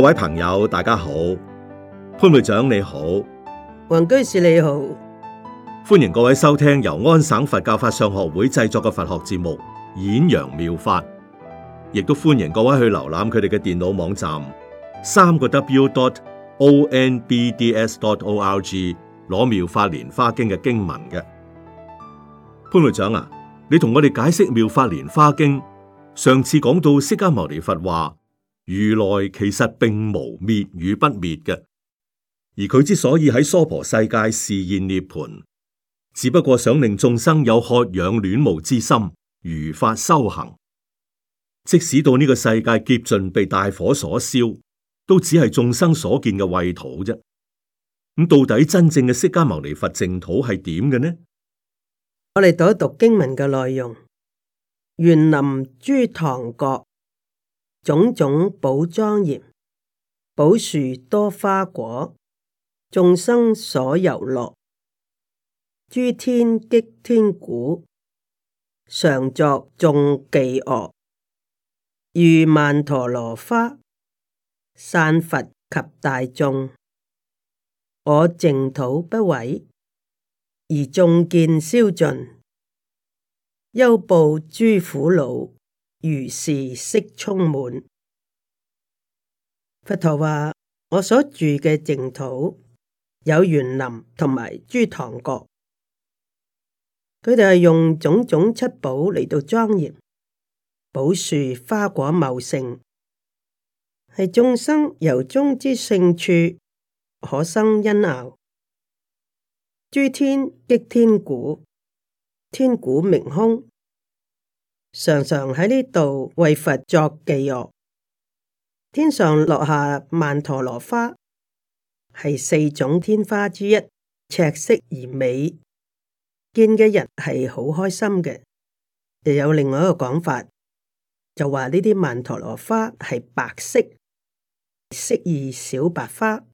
各位朋友，大家好，潘會長你好，王居士你好，歡迎各位收聽由安省佛教法相學會製作嘅佛學節目《演揚妙法》，亦都歡迎各位去瀏覽佢哋嘅電腦網站三個 W dot O N B D S dot O R G 攞妙法蓮華經嘅經文嘅。潘會長啊，你同我哋解釋妙法蓮華經，上次講到釋迦牟尼佛話。如來其實並無滅與不滅嘅，而佢之所以喺娑婆世界示現涅槃，只不過想令眾生有渴仰戀慕之心，如法修行。即使到呢個世界劫盡被大火所燒，都只係眾生所見嘅穢土啫。咁、嗯、到底真正嘅釋迦牟尼佛淨土係點嘅呢？我哋讀一讀經文嘅內容，園林諸堂國。種種寶莊嚴，寶樹多花果，眾生所遊樂，諸天擊天鼓，常作眾伎樂，雨曼陀羅花，散佛及大眾，我淨土不毀，而眾見燒盡，憂怖諸苦惱。如是色充滿，佛陀話：我所住嘅淨土有園林同埋諸堂閣，佢哋係用種種七寶嚟到莊嚴，寶樹花果茂盛，係眾生由中之勝處可生因牛，諸天擊天鼓，天鼓明空。常常喺呢度為佛作伎樂。天上落下曼陀羅花，係四種天花之一，赤色而美，見嘅人係好開心嘅。又有另外一個講法，就話呢啲曼陀羅花係白色，色宜小白花。呢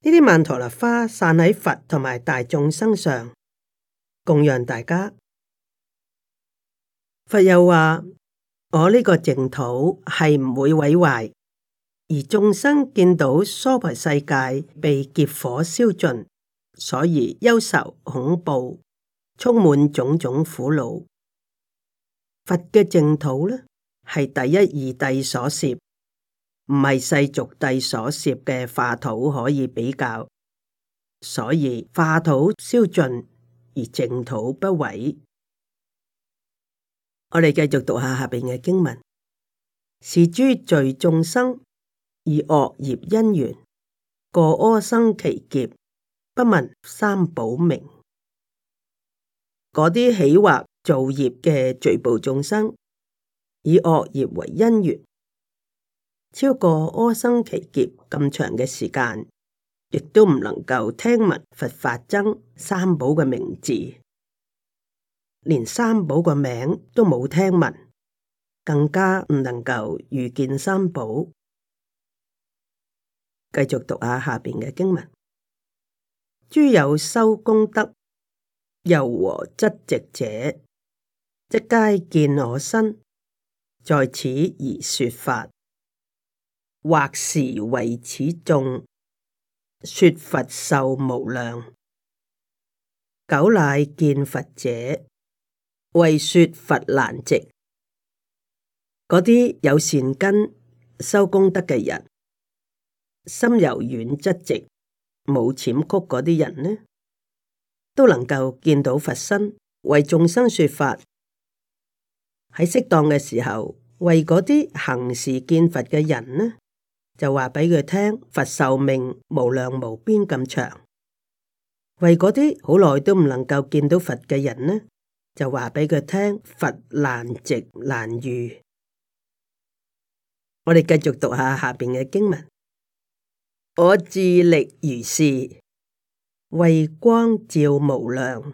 啲曼陀羅花散喺佛同埋大眾身上，供養大家。佛又話：我呢個淨土係唔會毀壞，而眾生見到娑婆世界被劫火燒盡，所以憂愁恐怖，充滿種種苦惱。佛嘅淨土呢，係第一二諦所攝，唔係世俗諦所攝嘅化土可以比較，所以化土燒盡，而淨土不毀。我哋繼續讀下下邊嘅經文，是諸罪眾生以惡業因緣過阿僧祇劫，不聞三寶名。嗰啲起惑造業嘅罪報眾生，以惡業為因緣，超過阿僧祇劫咁長嘅時間，亦都唔能夠聽聞佛法僧三寶嘅名字。連三寶個名都冇聽聞，更加唔能夠遇見三寶。繼續讀下下邊嘅經文：諸有修功德、柔和質直者，即皆見我身在此而說法，或時為此眾說佛壽無量久乃見佛者，為說佛難值，嗰啲有善根、修功德嘅人心柔軟，質直，冇淺曲嗰啲人呢，都能夠見到佛身，為眾生說法。喺適當嘅時候，為嗰啲行事見佛嘅人呢，就話畀佢聽，佛壽命無量無邊咁長。為嗰啲好耐都唔能夠見到佛嘅人呢，就話畀佢聽，佛難值，難遇。我哋繼續讀下下邊嘅經文：，我智力如是，慧光照無量，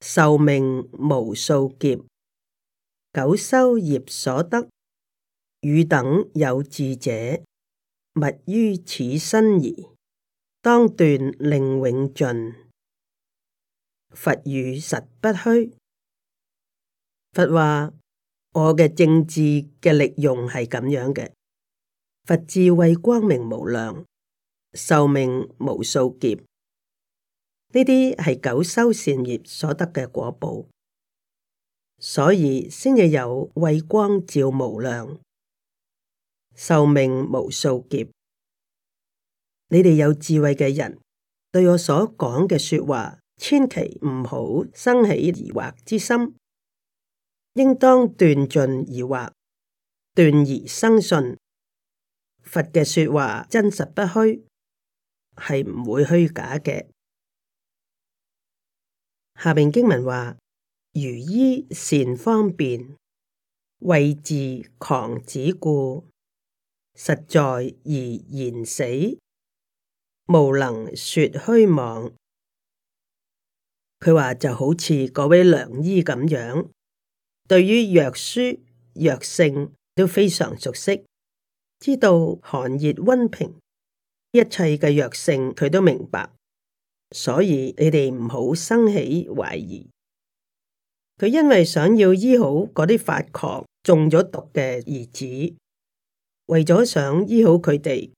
壽命無數劫，久修業所得，汝等有智者，勿於此生疑，當斷令永盡。佛語實不虛。佛話：我嘅正智嘅力用係咁樣嘅，佛智慧光明無量，壽命無數劫，呢啲係久修善業所得嘅果報，所以先至有慧光照無量，壽命無數劫。你哋有智慧嘅人，對我所講嘅說話，千祈唔好生起疑惑之心。應當斷盡疑惑，斷而生信。佛嘅說話真實不虛，係唔會虛假嘅。下邊經文話：如醫善方便，為治狂子故，實在而言死，無能說虛妄。佢話就好似嗰位良醫咁樣。對於藥書、藥性都非常熟悉，知道寒熱溫平，一切嘅藥性佢都明白，所以你哋唔好生起懷疑。佢因為想要醫好嗰啲發狂中咗毒嘅兒子，為咗想醫好佢哋，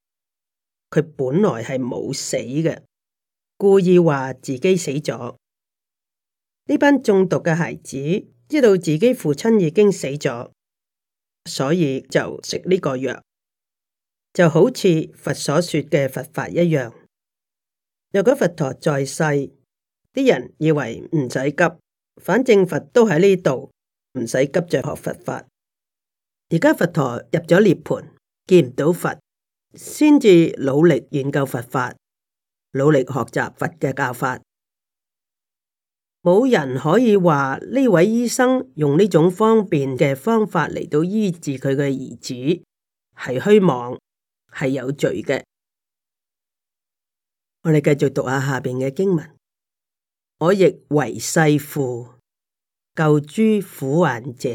佢本來係冇死嘅，故意話自己死咗。呢班中毒嘅孩子。知道自己父親已經死咗，所以就食呢個藥，就好似佛所說嘅佛法一樣。若果佛陀在世，啲人以為唔使急，反正佛都喺呢度，唔使急着學佛法。而家佛陀入咗涅槃，見唔到佛，先至努力研究佛法，努力學習佛嘅教法。冇人可以話呢位醫生用呢種方便嘅方法嚟到醫治佢嘅兒子係虛妄係有罪嘅。我哋繼續讀下下邊嘅經文：我亦為世父，救諸苦患者，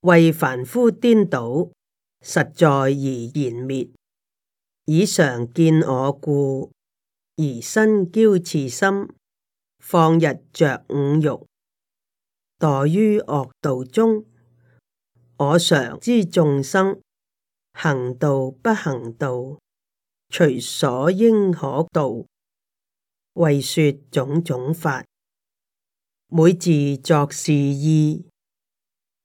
為凡夫顛倒，實在而言滅。以常見我故，而生驕恣心。放日着五欲，墮於惡道中。我常知眾生行道不行道，隨所應可道，為說種種法，每自作是意，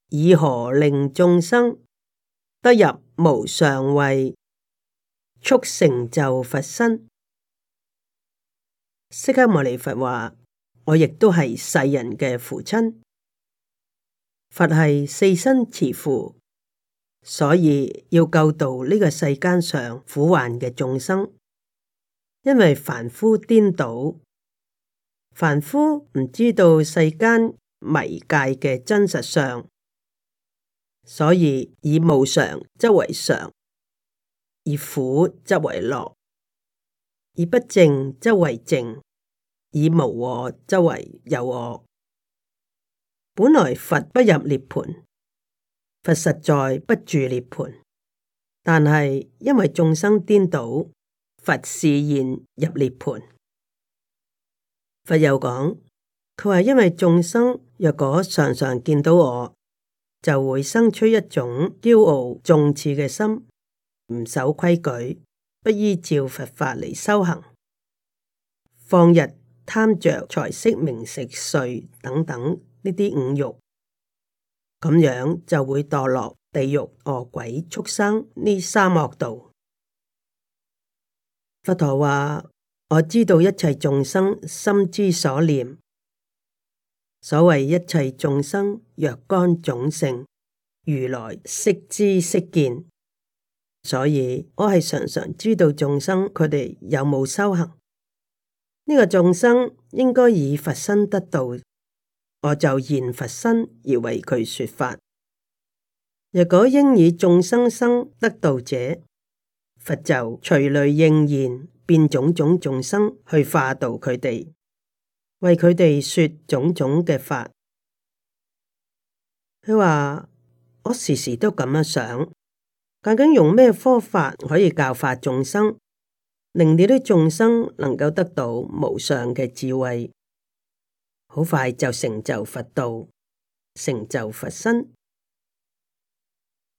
以何令眾生得入無上位，速成就佛身？釋迦牟尼佛話。我亦都係世人嘅父親，佛係四生慈父，所以要救度呢個世間上苦患嘅眾生。因為凡夫顛倒，凡夫唔知道世間迷界嘅真實相，所以以無常則為常，以苦則為樂，以不淨則為淨。以無我，周圍有我。本來佛不入涅盤，佛實在不住涅盤。但係因為眾生顛倒，佛示現入涅盤。佛又講，佢話因為眾生若果常常見到我，就會生出一種驕傲、縱恣嘅心，唔守規矩，不依照佛法嚟修行，放日。貪着財色名食睡等等呢啲五欲，咁樣就會墮落地獄餓鬼畜生，呢三惡道。佛陀話：我知道一切眾生心之所念，所謂一切眾生若干種性，如來悉知悉見，所以我係常常知道眾生佢哋有冇修行。呢個眾生應該以佛身得道，我就現佛身而為佢說法。若果應以眾生生得道者，佛就隨類應現變種種眾生去化導佢哋，為佢哋說種種嘅法。佢話：我時時都咁樣想，究竟用咩方法可以教化眾生？.令你啲眾生能夠得到無上嘅智慧，好快就成就佛道，成就佛身。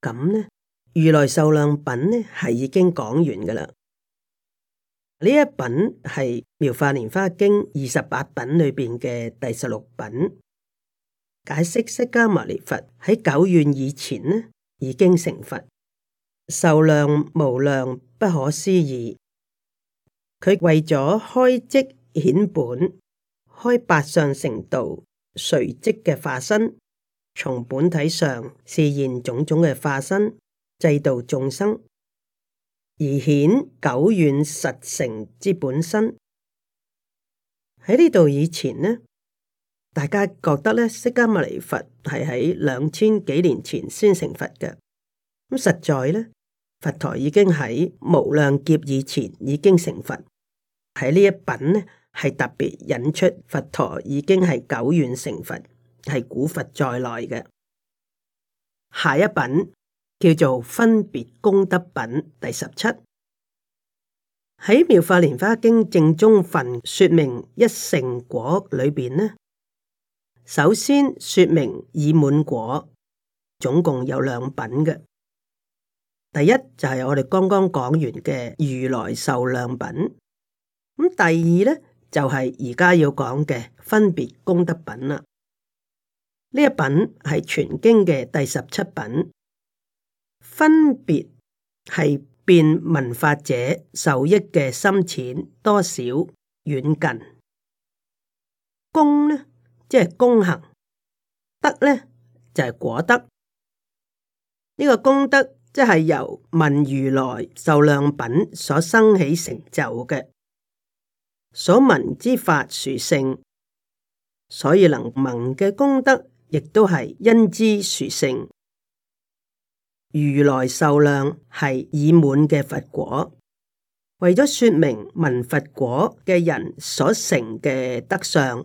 咁呢，如來壽量品呢係已經講完噶啦。呢一品係《妙法蓮花經》二十八品裏面嘅第十六品，解釋釋迦牟尼佛喺久遠以前呢已經成佛，壽量無量，不可思議。佢為咗開迹顯本，開八相成道，隨迹嘅化身，從本體上示現種種嘅化身，濟度眾生，而顯久遠實成之本身。喺呢度以前呢，大家覺得呢釋迦牟尼佛係喺兩千幾年前先成佛嘅，咁實在呢，佛陀已經喺無量劫以前已經成佛。喺呢一品呢，係特別引出佛陀已經係久遠成佛，係古佛在內嘅。下一品叫做分別功德品第十七。喺妙法蓮花經正宗分說明一成果裏邊呢，首先說明已滿果，總共有兩品嘅。第一就係我哋剛剛講完嘅如來壽量品。咁第二呢，就係而家要講嘅分別功德品啦。呢一品係全經嘅第十七品，分別係變文法者受益嘅深淺多少遠近。功呢，即係功行，德呢，就係果德。呢個功德即係由聞如來壽量品所生起成就嘅。所聞之法殊勝，所以能聞嘅功德亦都係因之殊勝。如來壽量係已滿嘅佛果，為咗說明聞佛果嘅人所成嘅德相，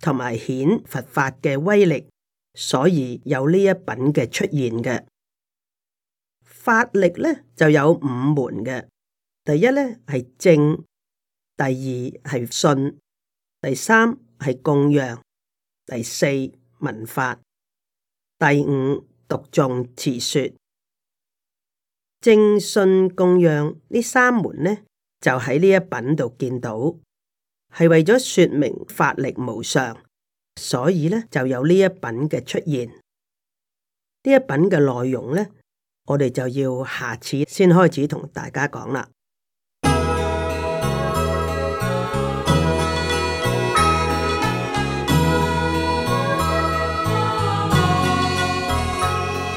同埋顯佛法嘅威力，所以有呢一品嘅出現嘅法力咧，就有五門嘅。第一咧係正。第二係信，第三係供養，第四文法，第五讀誦詞說，正信供養呢三門呢，就喺呢一品度見到，係為咗說明法力無常，所以呢就有呢一品嘅出現。呢一品嘅內容呢，我哋就要下次先開始同大家講啦。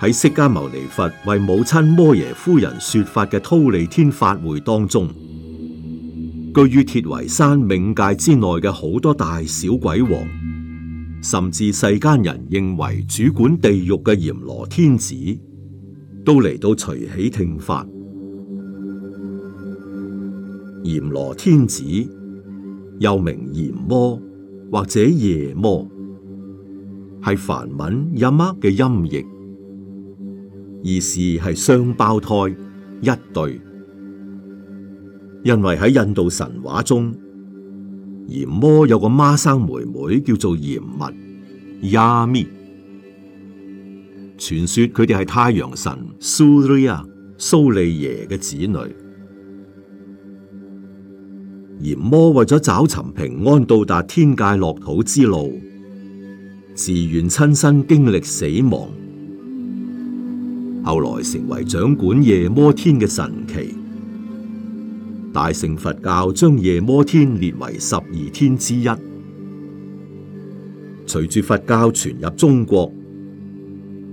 喺釋迦牟尼佛為母親摩耶夫人說法嘅忉利天法會當中，居於鐵圍山冥界之內嘅好多大小鬼王，甚至世間人認為主管地獄嘅閻羅天子，都嚟到隨喜聽法。閻羅天子又名閻魔或者夜魔，係梵文一嗎嘅音譯。而是係雙胞胎一對，因為喺印度神話中，閻魔有個孖生妹妹，妹叫做閻蜜 （Yami）。傳說佢哋係太陽神蘇里亞，蘇利耶嘅子女。閻魔為咗找尋平安到達天界落土之路，自願親身經歷死亡。後來成為掌管夜摩天嘅神祇，大乘佛教將夜摩天列為十二天之一。隨住佛教傳入中國，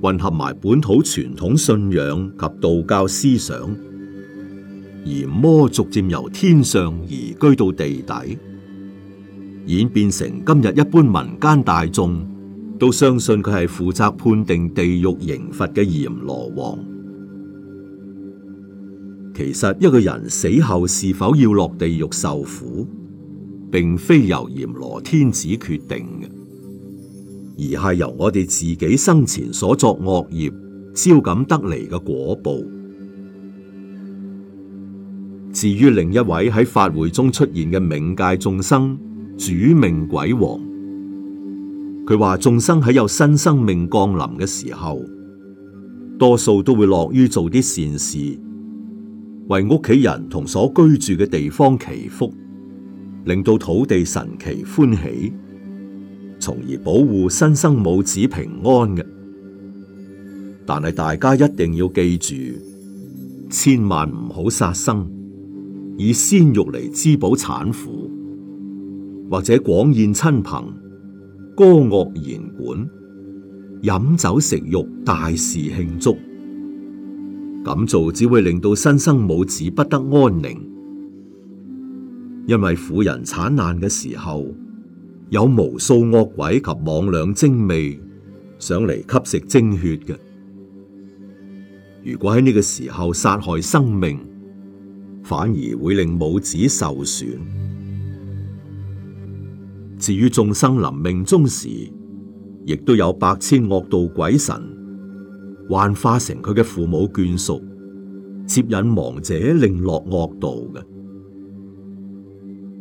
混合埋本土傳統信仰及道教思想，而魔逐漸由天上移居到地底，演變成今日一般民間大眾都相信佢係負責判定地獄刑罰嘅閻羅王。其實一個人死後是否要落地獄受苦，並非由閻羅天子決定嘅，而係由我哋自己生前所作惡業招感得嚟嘅果報。至於另一位喺法會中出現嘅冥界眾生，主命鬼王。佢話眾生喺有新生命降臨嘅時候，多數都會樂於做啲善事，為屋企人同所居住嘅地方祈福，令到土地神奇歡喜，從而保護新生母子平安嘅。但係大家一定要記住，千萬唔好殺生，以鮮肉嚟滋補產婦，或者廣宴親朋。歌樂言管，飲酒食肉，大事慶祝，咁做只會令到新生母子不得安寧。因為婦人產難嘅時候，有無數惡鬼及魍魎精魅，上嚟吸食精血嘅。如果喺呢個時候殺害生命，反而會令母子受損。至於眾生臨命終時，亦都有百千惡道鬼神幻化成佢嘅父母眷屬，接引亡者令落惡道嘅。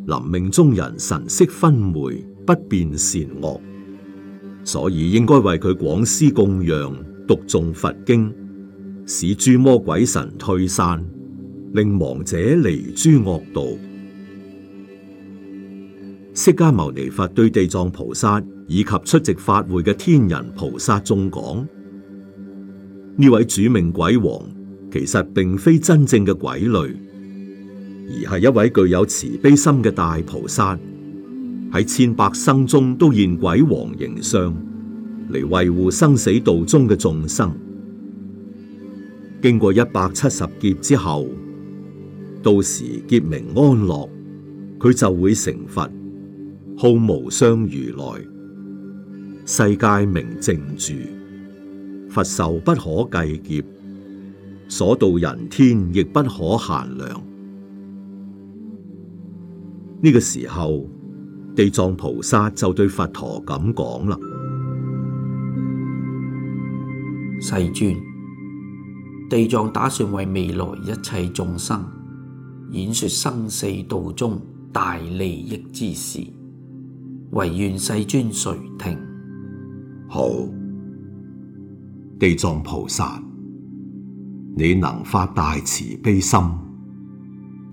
臨命終人神色昏昧，不辨善惡，所以應該為佢廣施供養，讀誦佛經，使諸魔鬼神退散，令亡者離諸惡道。釋迦牟尼佛對地藏菩薩以及出席法會嘅天人菩薩眾講：呢位主命鬼王其實並非真正嘅鬼類，而係一位具有慈悲心嘅大菩薩，喺千百生中都現鬼王形象嚟維護生死道中嘅眾生。經過一百七十劫之後，到時劫名安樂，佢就會成佛。號無相如來，世界名淨住，佛壽不可計劫，所度人天亦不可限量。呢、這個時候，地藏菩薩就對佛陀咁講啦：世尊，地藏打算為未來一切眾生演說生死道中大利益之事。唯願世尊垂聽。好，地藏菩薩，你能發大慈悲心，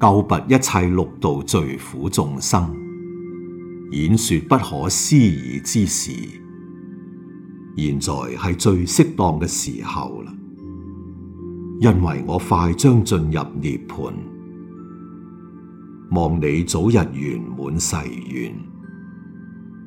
救拔一切六道罪苦眾生，演說不可思議之時。現在係最適當嘅時候啦，因為我快將進入涅槃，望你早日圓滿誓願。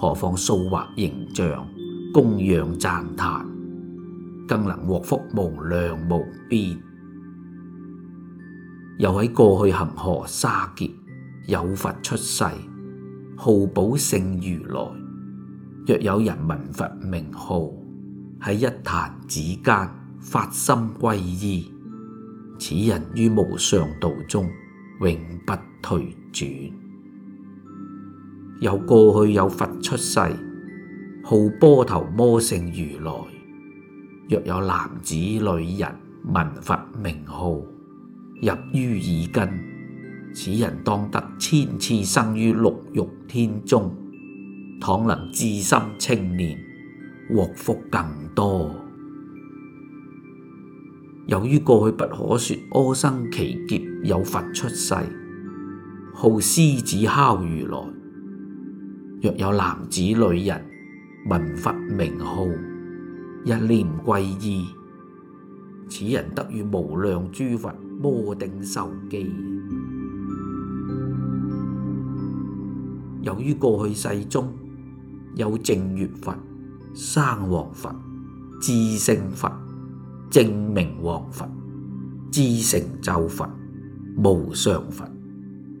何況塑畫形象，供養讚嘆，更能獲福無量無邊。又喺過去恆河沙劫，有佛出世，號寶勝如來，若有人聞佛名號，喺一彈指間發心歸依，此人於無上道中永不退轉。有過去有佛出世，號波頭摩勝如來。若有男子女人聞佛名號，入於耳根，此人當得千次生於六欲天中，倘能至心稱念，獲福更多。由於過去不可説，阿僧祇劫有佛出世，號獅子吼如來。若有男子女人聞佛名號，一念歸依。此人得遇無量諸佛摩頂授記。由於過去世中有淨月佛、生王佛、智勝佛、正明王佛、智成就佛、無上佛、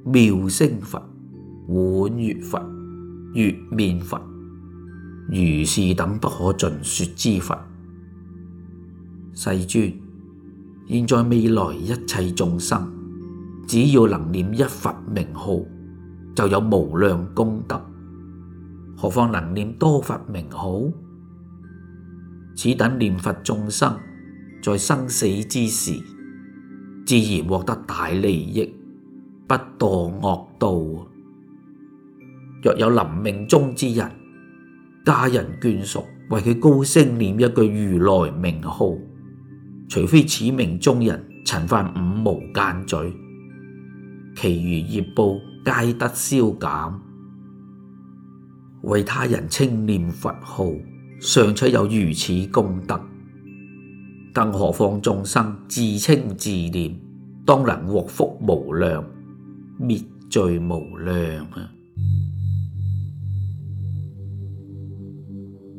妙聲佛、滿月佛。月面佛，如是等不可盡說之佛，世尊，現在未來一切眾生，只要能念一佛名號，就有無量功德。何況能念多佛名號，此等念佛眾生，在生死之時，自然獲得大利益，不墮惡道。若有臨命終之人，家人眷屬為佢高聲念一句如來名號，除非此命終人曾犯五無間罪，其餘業報皆得消減。為他人清念佛號，尚且有如此功德，更何況眾生自稱自念，當能獲福無量，滅罪無量啊！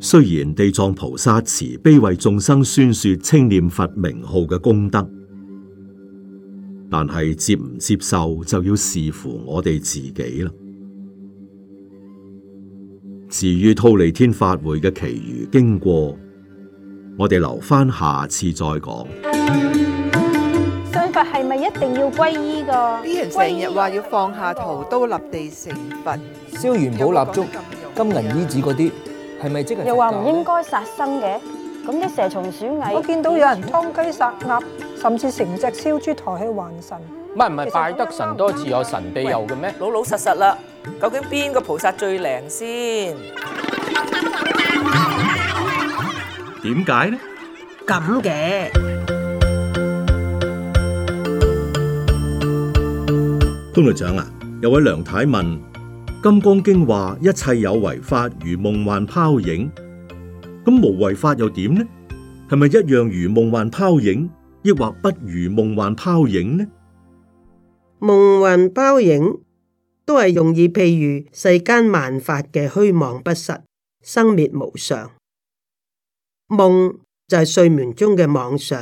雖然地藏菩薩慈悲為眾生宣說稱念佛名號嘅功德，但係接唔接受就要視乎我哋自己啦。至於《忉利天法會》嘅其餘經過，我哋留翻下次再講。信佛係咪一定要皈依噶？啲人成日話要放下屠刀，立地成佛，燒元寶、蠟燭、有有金銀衣紙嗰啲。又話唔應該殺生嘅，咁啲蛇蟲鼠蟻，我見到有人劏雞殺鴨，甚至成隻燒豬抬去還神。乜唔係拜得神多自有神庇佑嘅咩？老老實實啦，究竟邊個菩薩最靈先？點解呢？咁嘅。潘隊長啊，有位梁太問。金剛經話，一切有為法如夢幻泡影，咁無為法又點呢？係咪一樣如夢幻泡影，抑或不如夢幻泡影呢？夢幻泡影都係容易譬喻世間萬法嘅虛妄不實、生滅無常。夢就係睡眠中嘅妄想，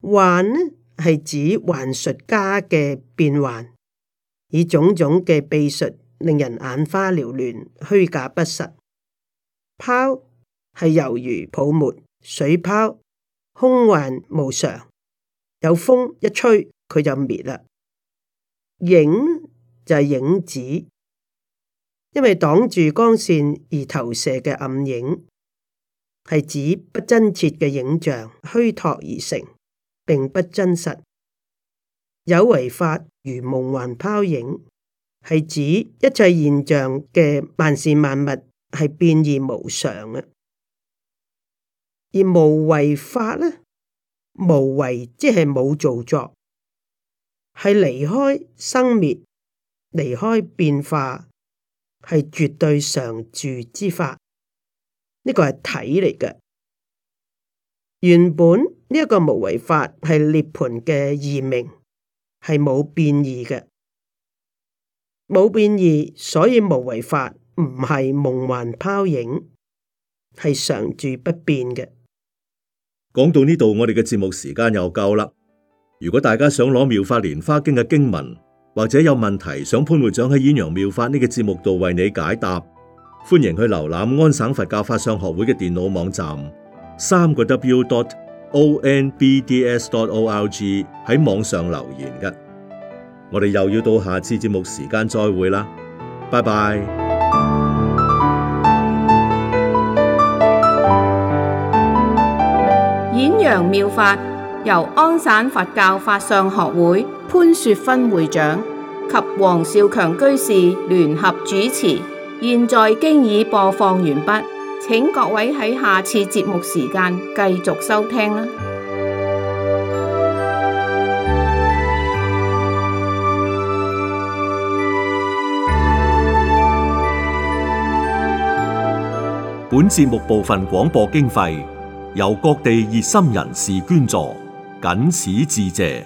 幻呢係指幻術家嘅變幻。以種種嘅秘術，令人眼花繚亂，虛假不實。泡係猶如泡沫，水泡空幻無常，有風一吹佢就滅啦。影就係、是、影子，因為擋住光線而投射嘅暗影，係指不真切嘅影像，虛託而成，並不真實。有為法如夢幻泡影，係指一切現象嘅萬事萬物係變異無常嘅；而無為法咧，無為即係冇造作，係離開生滅、離開變化，係絕對常住之法。呢個係體嚟嘅。原本呢一個無為法係涅槃嘅異名。係冇變異嘅，冇變異，所以無為法唔係夢幻泡影，係常住不變嘅。講到呢度，我哋嘅節目時間又夠啦。如果大家想攞妙法蓮花經嘅經文，或者有問題想潘會長喺《演揚妙法》呢個節目度為你解答，歡迎去瀏覽安省佛教法相學會嘅電腦網站，三個 W dot。O N B D S dot O L G，喺網上留言㗎。我哋又要到下次節目時間再會啦，拜拜。演揚妙法由安省佛教法相學會潘雪芬會長及黃少強居士聯合主持，現在經已播放完畢。請各位喺下次節目時間繼續收聽啦。本節目部分廣播經費由各地熱心人士捐助，謹此致謝。